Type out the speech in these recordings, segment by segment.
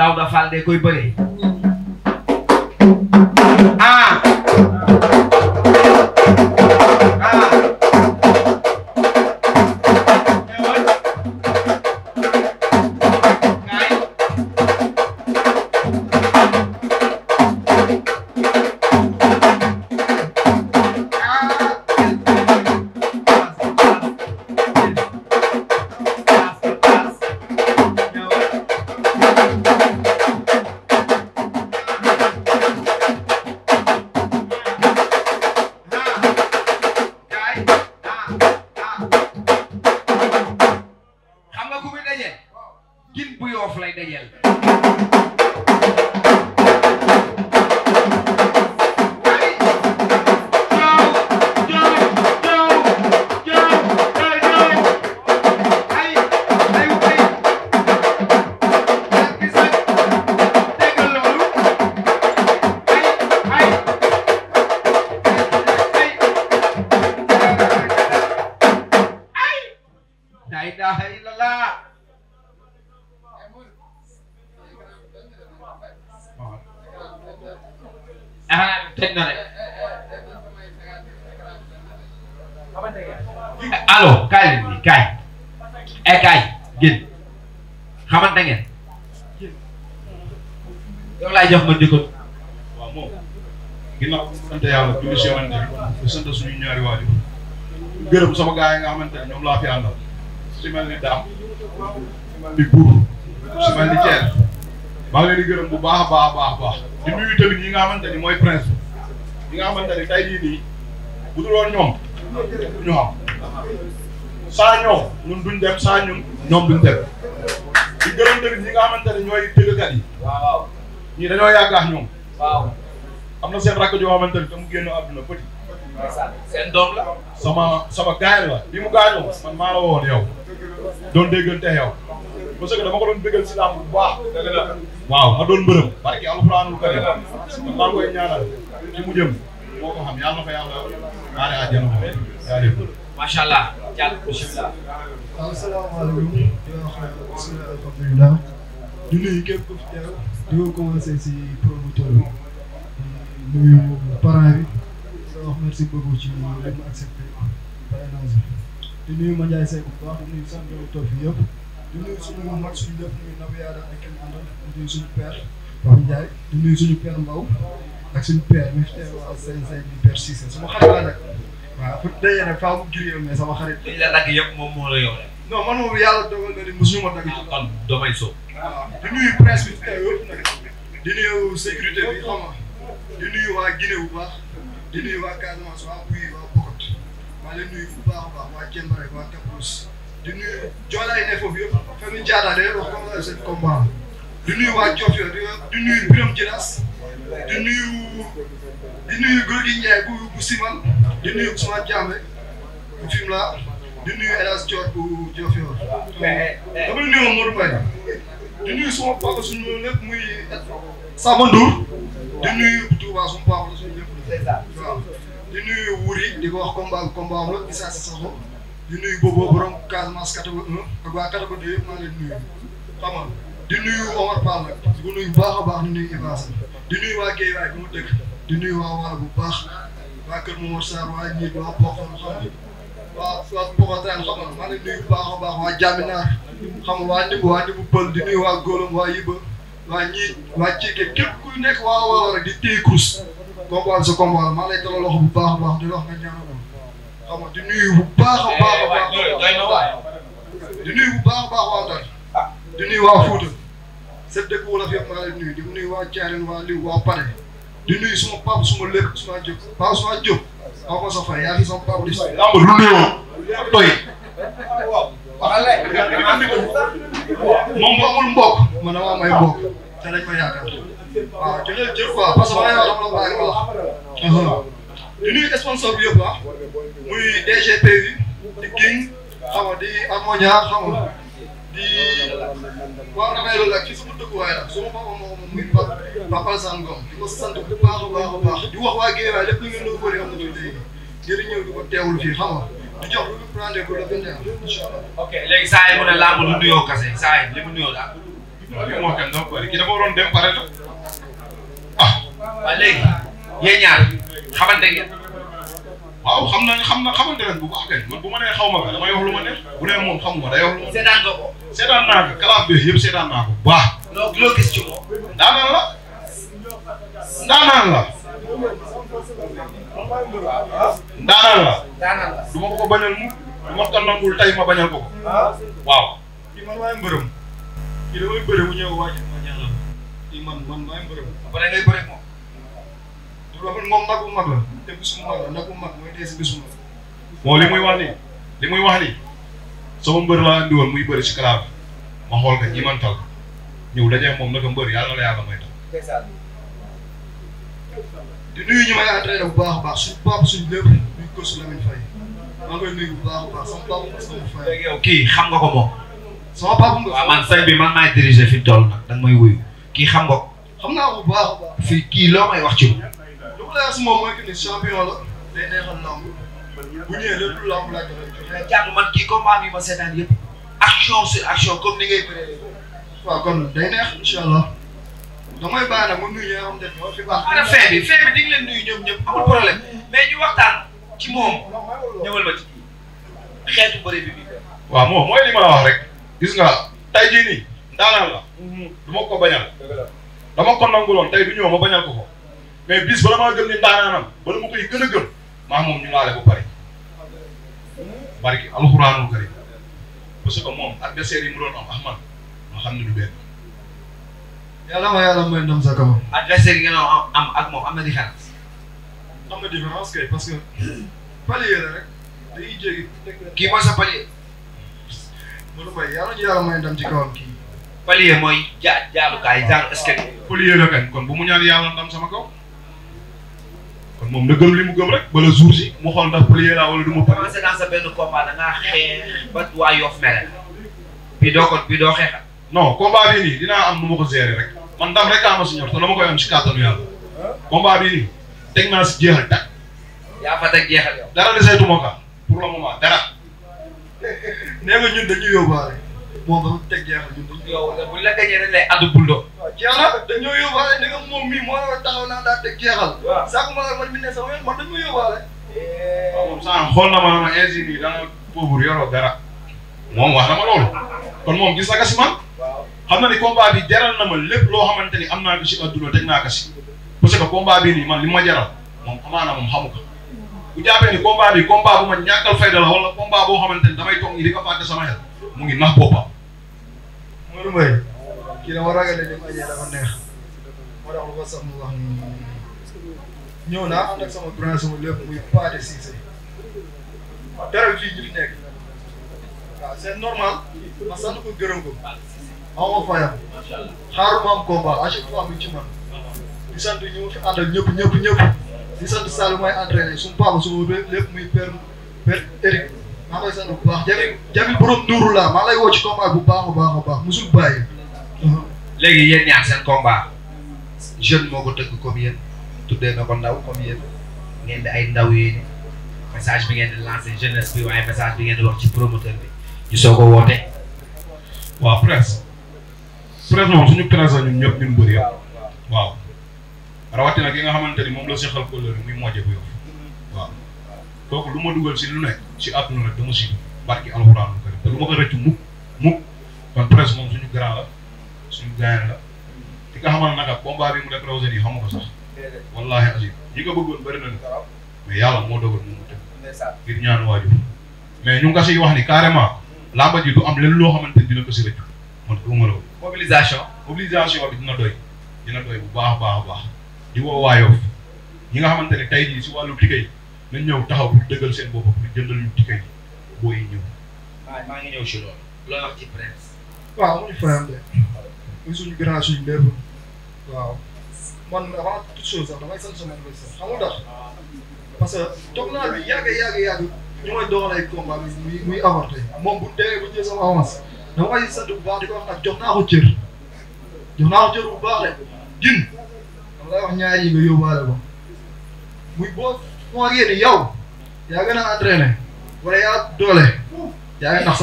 daaw da Fall de koy bëree. yow laay ma jëkkër waaw moom ginnaaw sant yàlla julli si yonent bi sant suñu ñaari waajur gërëm sama gars yi nga xamante ne ñoom laa fi àndal si mel ni daam si mel si mel ni Thiel maa ngi leen di gërëm bu baax a baax baax baax di nuyu tamit ñi nga xamante ni mooy prince ñi nga xamante ni tey jii nii bu dul woon ñoom ñu xam saa ñoom ñun duñ dem saa ñun ñoom duñ dem di gërëm tamit ñi nga xamante ne ñooy tëggkat yi ñii dañoo yaakaar ñoom. waaw am na seen rakk joo xamante ni dama génn àdduna bëri. seen doom la. sama sama gaañ la bi mu gaañoo man maa la woon yow. doon déggante yow. parce que dama ko doon déggal si làmb bu baax. dëgg la waaw ma doon mbërëm. barki alxuraanul karim man maa koy ñaanal ci mu jëm. moo ko xam yàlla na ko yàlla naare àjjana ko jaajëf. macha allah jàll bisimilah. waaw salaamaaleykum. di nuyu képp ku fi teew. di ko commencé si promoteur bi di nuyu parent bi merci beaucoup ci li mu accepté parrainage bi di nuyu Mandiaye Seck bu baax di nuyu sant yow toog fii yëpp di nuyu suñu mag suñu lépp nuyu Nabiyaada ak kenn àndal di nuyu suñu père Pape Ndiaye di nuyu suñu père Mbaw ak suñu père mi fi teewal seen say di père Cissé sama xarit la nag waaw fu dajee nag faaw mu juree mais sama xarit. la nag yëpp moom moo la yow non man moom yàlla dogal na ni mosuñu ma dagg. Ah, kon damay soob. waaw ah, di nuyu presse bi tey yëpp nag di nuyu sécurité bi xam nga di nuyu waa Guinée bu baax di nuyu waa Casamance waa Pouye waa Bokot maa leen nuyu bu baax a baax waa Thiembare waa Kapous di nuyu Joolay ne foofu yëpp famille Diatta day wax comme ça seen combat di nuyu waa Diofior di nuyu Birame Djilas di nuyu di nuyu Gorgui Ndiaye bu bu Simal di nuyu Ousmane Diamé bu Fimela. di nuyu El bu Diofior. mais eh, eh. dama nuyu woon Modou Paye. di nuyu suma papa suñu lépp muy Samba Ndour. di nuyu Touba suñu papa suñu lépp. waaw di nuyu Wuri di ko wax combat combat am la Issa Sakho di nuyu boobu borom Casamance catégorie 1 ak waa catégorie 2 yëpp maa leen nuyu xam di nuyu Omar Pall nag di ko nuyu baax a baax di nuyu Ibaas di nuyu waa Guèye bu ma dëkk di nuyu waa Waal bu baax waa Kër Momar Sarr waa Ndié waa Poxol xam nga waaw Soas Moussa Thiam xam nga maa ngi nuyu bu baax a baax waa Diamina xam nga waa Ndimbu waa Ndimbu Pël di nuyu waa Golom waa Yiba waa ñii waa Cike képp kuy nekk waa waa rek di téye kurus. combat sa combat la maa ngi wa dalal loxo bu baax a baax di wax nga ñaanal xam nga di nuyu bu baax a baax a baax eh, di nuyu bu baax a baax waa Ndar di nuyu waa Fouta. sëb dëkk wolof yëpp maa ngi lay nuyu di nuyu waa Thiarène waa Liw waa Pare. di nuyu suma papa suma lépp suma jóg papa suma jóg aw ko sa fay yaa ngi sama papa di si lamb lu nuyoo doy moom bu amul mbokk man dama am ay mbokk te dañ ma yaakaar waaw jëlal jël quoi parce que ma lay wax ma lay wax di nuyu sponsor bi yëpp ah muy DGP bi di King xam nga di Amonia xam nga di waaw damay loolu ak ci sama dëkkuwaay ak sama papa moo xam muy Pa Papa Sane Ngom di ko sant bu baax a baax a baax di wax waa Guédiawaye lépp lu ngeen doon bëri am na ci léegi jërë ñëw di ko teewul fii xam nga di jox lu ñu prendre ko la gën a incha allah. ok léegi saa yi mu ne làmb du nuyoo kase saa yi li mu nuyoo daal li mu wax kenn donc kii dafa waroon dem pare la ah waaw léegi yéen ñaar xamante ngeen. waaw xam nañ xam na xamante ren bu baax kay man bu ma nee xaw ma ko damay wax lu ma ne bu nee moom xam nga day wax lu ma. seetaan nga ko. seetaan naa ko classe bi yëpp seetaan naa ko bu baax. donc loo gis ci moom. daanaan la daanaan la daanaan la. daanaan la du ma ko bañal mu du ma ko nangul tey ma bañal ko ko. Ah. waaw. kii man maay mbërëm. kii damay bëre mu ñëw waa ji ma ñaan la kii man man maay mbërëm. ba ngay bëre moom. du la moom nag bu mag la. te bisu mag la nag bu mag mooy dee si bisu mag. moo li muy wax nii li muy wax nii. sama mbër laa andi woon muy bëri si kalaaf ma xool ko ñi man tal ñëw dajee moom naka mbër yàlla na la yàlla may tal di nuyu ñu may entraîné bu baax a baax suñu papa suñu lépp ñu ko su Lamine Faye maa ngi koy bu baax a baax sama kii xam nga ko bi man maay diriger fi toll nag da nga may wuyu kii xam nga xam naa ko bu baax a baax fii kii loo may wax ci lu ma lay wax si bu ñëwee lépp lu am laaj la jàng man kii combat yi ma seetaan yëpp action sur action comme ni ngay bëree waaw kon day neex incha allah damay baax nag mu nuyu ñi nga xam ne ñoo fi baax. ana fee bi fee bi di nga leen nuyu ñoom ñëpp amul problème mais ñu waxtaan ci moom ñëwal ma ci kii xeetu bëri bi bi. waaw moom mooy li ma la wax rek gis nga tay jii nii ndaanaan la mhm. du ma ko bañal dama ko nanguloon tey du ñëw ma bañal ko ko mais bis bala maa gëm ni ndaanaanam bala ma koy gën a gëm maa moom ñu laale ba pare. barki alxuraanul karim parce que moom adversaire mu doon am Ahmad ma xam ne du benn. yàlla ma yàlla sa kaw. adversaire yi ngeen am am ak moom am na différence. am na différence kay mooy sa palier. Modou Mbaye yàlla ñu yàlla may ndam ci kawam kon bu mu ñaan yàlla ndam sama kaw. kon moom na gëm li mu gëm rek ba le jour ji mu xool ndax plié laa du ma. commencé dans xeex ba waa Yoff mere bi doo ko bi doo xeexal. non combat bii nii dinaa am nu ko gérer rek man ndam rek ama si ñor te koy am si kàttanu yàlla combat bii nii teg si jeexal tàkk. yaa fa teg jeexal yow. dara deseetu ma ko pour le moment dara nee nga ñun dañuy yóbbaale. moom ba mu teg jeexal ñun dañu. yow buñ la gagné dañ lay ànd bulldo. waaw jeex na dañoo yóbbaale nga moom mii moo la taxaw naa daal teg jeexal. ma la man mi ne sama ma yóbbaale. Eh. waaw moom sànq na ma ma ingénieur yi dana pauvre yoroo dara moom wax na ma loolu kon moom gis na ko si man. xam na ni combat bi jaral na ma lépp loo xamante ni am naa ko si adduna teg naa ko si parce que combat bii nii ma jaral moom amaana moom xamu ko bu jàppee ni combat bi combat ma ñàkkal fayda la wala xamante ni damay mu ngi nax boppam loolu mooy kii dama ragale li mu añee dafa neex moo tax lu ko sax mu wax ni ñëw naa ànd ak sama grand sama lépp muy pas de Cissé dara fii ñu fi nekk normal ma sant ko gërëm ko aw ma fayam xaaruma am combat à chaque fois mu ci man di sant ñu ma fi àndal ñëpp ñëpp ñëpp di sant Sall may entraîné suñu papa suñu lépp muy père père maa lay sant bu baax Jamil Jamil maa lay woo ci combat bu baax a baax a baax musul bàyyi. léegi yéen ñaar seen combat jeune moo ko tëgg comme yéen tuddee na ko ndaw comme yéen ay ndaw yéen message bi ngeen di lancé jeunesse bi waaye message bi ngeen di wax ci promoteur bi ñu soo ko woote. waaw presse presse moom suñu presse la ñun ñëpp ñun bëri yëpp waaw rawatina nga xamante ni moom la seqal kooku lu ma dugal si lu si àdduna rek dama si barki alxuraanu karim te lu ma ko rëcc mukk kon presque moom suñu grand la suñu gayan la ki nga xamal naka combat mu def Rawzane yi xamu ko sax wallahi azim ñi ko bëggoon bëri nañu mais yàlla moo dogal moom mu tëgg ngir ñaan waajur mais ñu nga si siy wax ni carrément làmba ji du am lenn loo xamante dina ko si rëcc man gëmuma la mobilisation mobilisation bi dina doy dina doy bu baax a baax a baax di woo waayoof ñi nga xamante ne tey jii si wàllu liggéey nañ ñëw taxaw pour dëggal seen bopp pour jëndal ñu tike yi booy ñëw. waaw maa ngi ñëw si loolu. loo wax ci Prince. waaw man avant toute chose sax may doxal ay combat bi muy muy avorté moom bu demee bu jël sama avance damay sant bu baax di ko wax nag jox naa ko cër jox naa ko cër bu baax de. jin dama lay wax moo génn yow yaa gën a entraîné wala yaa doole yaa ngi nax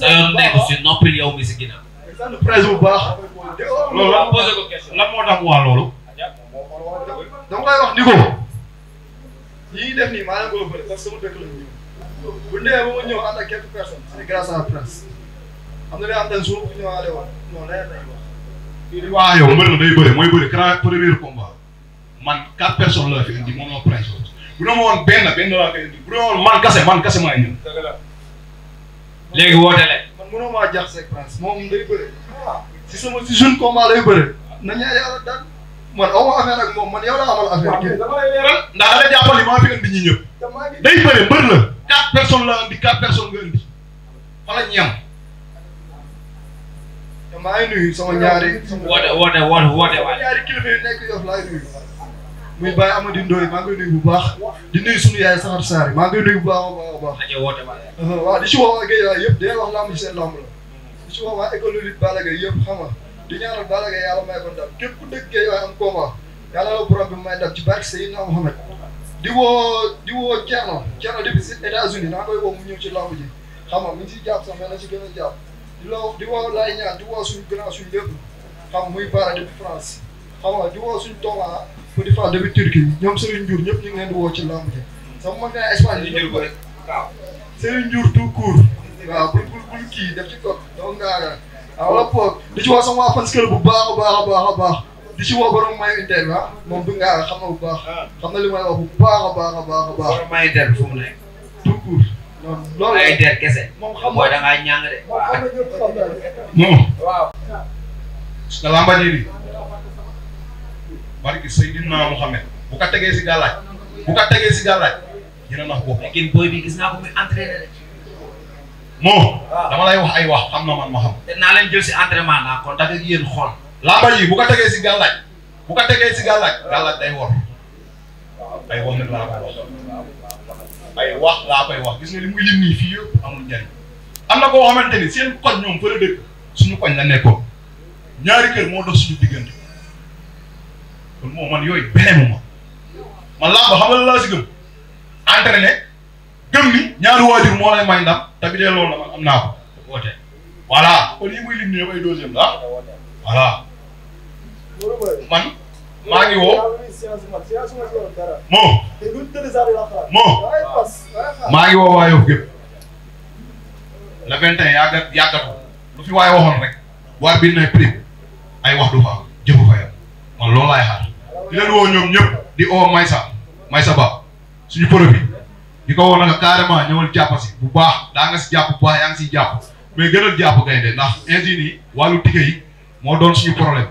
eh, nekk si noppil yow mi si ginnaaw. bu baax. loolu la posé ko question lan mu wax loolu. dama koy wax ni ko. ñi def nii maa leen ko bëri parce que sama bu ndee ba ma ñëw ànd ak quelques personnes. c'est grâce à la presse. am na li am dañ waaw yow mbër la day bëri mooy bëri grand premier combat man quatre personnes la fi indi moom la presse bu doon woon benn benn laa koy indi bu doon woon man kase man kase maa ñëw. léegi woote leen. man mënoo maa jaxase France moom day bëri. si sama si jeune combat lay bëri. nañu yàlla daan man aw ma affaire moom man yow laa amal affaire. ndax da nga jàppal li maa fi indi ñi ñëpp. day bëri mbër la. quatre personnes la indi quatre personnes nga indi fa la ñu yem te maa ngi nuyu sama ñaari. woote woote woote waay. ñaari yu nekk Yoff laay nuyu. maa ngi koy nuyu baax. di nuyu sunu yaay Saxar Sarr maa ngi koy nuyu baax a baax a baax. rajo woote waay. waaw di si wax waa Guèye yëpp day wax lamb ci seen di si wax waa école lutte Balla Gaye yëpp di ñaanal Balla Gaye yàlla may ko ndam képp ku dëkk Guèye waay am combat yàlla la borom bi may ndam ci barke Seydina Mohamed. di woo di woo Thierno Thierno depuis États-Unis naa koy woo mu ñëw di loo di woo lay ñaan di woo suñu grand suñu lépp xam muy baara depuis France xam nga di woo suñu tooma bu di Fall depuis Turquie ñoom Serigne Ndiour ñëpp ñu ngi leen di woo ci lamb ji sama mën naa Espagne di ko rek waaw la poog di ci woo sama waa Fanskër bu baax a baax baa baax a baax di ci woo borom mayu interne ah moom du ngaa xam na bu ah. li may wax bu baax a baax a a baax loolu ay der kese. moom xam nga da ngaa ñàng de. moom. waaw. dafa si gàllaaj bu ko tegee si gàllaaj dina nax bopp. léegi booy bi gis naa ko muy entraîné de. moom. dama wax ay wax xam na man leen jël si entraînement naa contact ak yéen lamba yi bu ko tegee si gàllaaj bu ko tegee si gàllaaj gàllaaj day wor. ay wor nag ay wax laa koy wax gis nga li muy lim nii fii yëpp amul njariñ am na koo xamante ni seen koñ ñoom fële dëkk suñu koñ la nekkoon ñaari kër moo dox suñu diggante kon moom man yooyu beneen ma laa ba xamal laa si gëm entraîné gëm ni ñaari waajur moo lay may ndam te bi dee loolu la man am naa ko woote voilà kon yi muy lim nii yëpp ay deuxième la voilà man maa ngi woo moom. moo maa ngi woo waayoo gépp le 21 yàggat yàggatu lu fi waay waxoon rek waar bi ne prix ay wax du fa jëfu fa yam man loolu laay xaar di leen woo ñoom ñëpp di ko woo nag carrément ñëwal jàpp si bu baax daa nga si jàpp bu baax yaa ngi siy jàpp mais gën jàpp gaynde ndax ingénieur yi wàllu tike yi moo doon suñu problème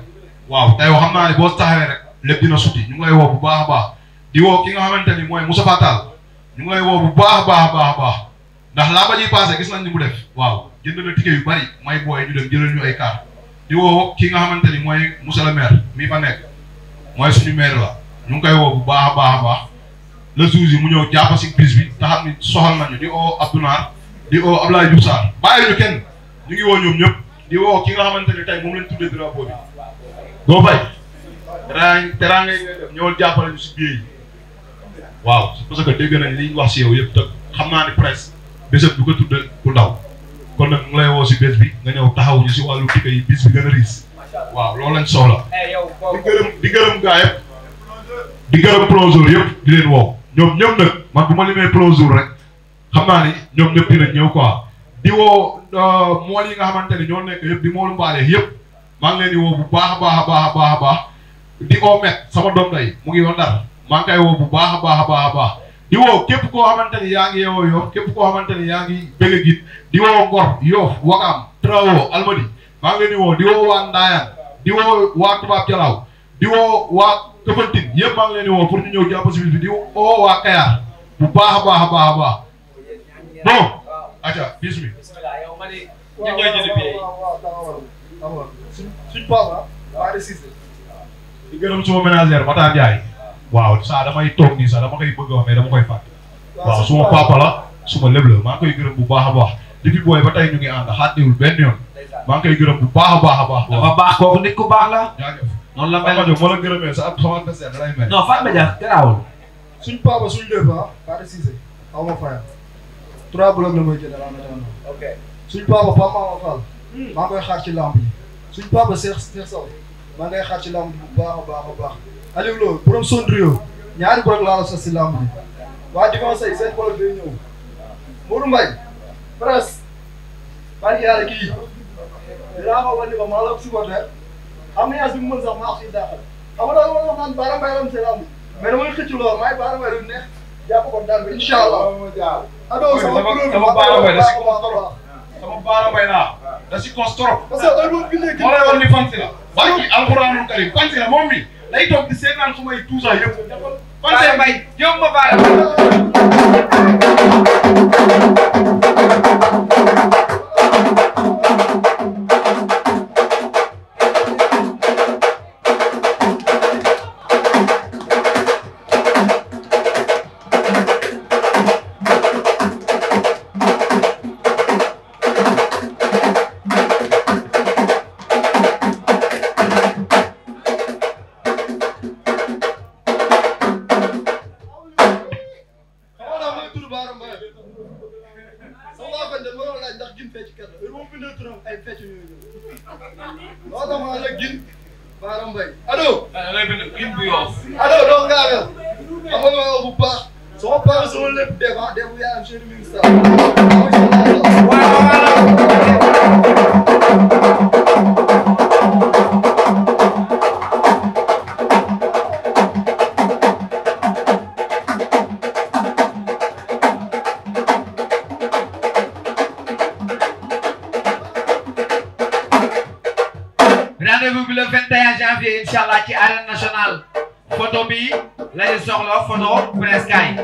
waaw tey xam naa ne boo taxawee rek lépp dina suti ñu ngi lay woo bu baax baax. di woo ki nga xamante ni mooy Moussa Fatal ñu ngi lay woo bu baax baax baax baax ndax laa ba ñuy passé gis nañ ni mu def waaw jënd na ticket yu bari may booy ñu dem jëlal ñu ay carte di woo ki nga xamante mooy monsieur le maire mi fa nekk mooy suñu maire la ñu ngi koy woo bu baax baax baax le jour yi mu ñëw jàpp si bis bi te xam ni soxal nañu di oo Abdounaar di oo Abdoulaye Diouf Sarr bàyyi ñu kenn ñu ngi woo ñoom ñëpp di woo ki nga xamante ni tey moom lañ tuddee drapeau ñëwal jàppale ñu waaw parce que dégg nañ li wax si yow yëpp te xam naa ne presque bésam du ko tudd ku ndaw kon nag mu lay woo si bés bi nga ñëw taxaw ñu si wàllu dikk yi bis bi gën a riis waaw loolu lañ soxla eh, di gërëm di gaa yëpp di gërëm plongeur yëpp di leen woo ñoom ñëpp nag man bu ma limee plongeur rek xam naa ni ñoom ñëpp dinañ ñëw quoi di woo euh, mool yi nga xamante ne ñoo nekk yëpp di moolu mbaale yëpp maa ngi leen di woo bu baax baax baax baax baax di oo met sama doom mu ngi woon maa ngi woo bu baax a baax baax baax di woo képp koo xamante ni yaa ngi yeewoo Yoff képp koo xamante ni yaa ngi bëgg git di woo Ngor Yoff Wakaam Trawo Almadi maa ngi leen di di woo waa di woo waa Tubaab Jalaaw di woo waa Këfantin yëpp maa ngi leen di woo pour ñu ñëw si bi di woo waa Kayaar bu baax a baax a baax a baax bon acca bismillah suñ papa waa di gërëm suma ménagère Matar Ndiaye waaw saa damay toog nii sax koy bëgg a wax mais koy fàtte. waaw suma papa la suma lépp la maa koy gërëm bu baax a baax depuis booy ba tey ñu ngi ànd xàttiwul benn yoon maa ngi koy gërëm bu baax a baax a baax. dafa baax kooku nit ku baax la. noonu la mel noonu la gërëmee sa sama adversaire da lay mel. non Fatma Dia garaawul. suñ papa suñ lépp ah. Fatou Cissé aw ma fayam. trois blocs la may hmm. maa ngi koy xaar ci lamb yi. suñ papa Cheikh Cheikh Sow maa ngay xaar ci lamb baax a Aliou Lo borom Sondrio ñaari borom la sos si làmb waa dimanche yi seen borom day ñëw Modou Mbaye presque barki kii dinaa ma maa la supporter ambiance bi mu mën sax maa ko siy daaxal xam nga daal wax naan baara mbay lam si làmb mais damay xëcc lool maay ko daal bi incha allah. adoo sama sama baara mbay la si sama baara mbay la da si cos trop. parce que heure boobu bi ñu lay gën a. moo lay wax ni fan si la. day toog di seetaan su may douze ans yëpp. conseil bay jëm ma baale soxla photo presse kaay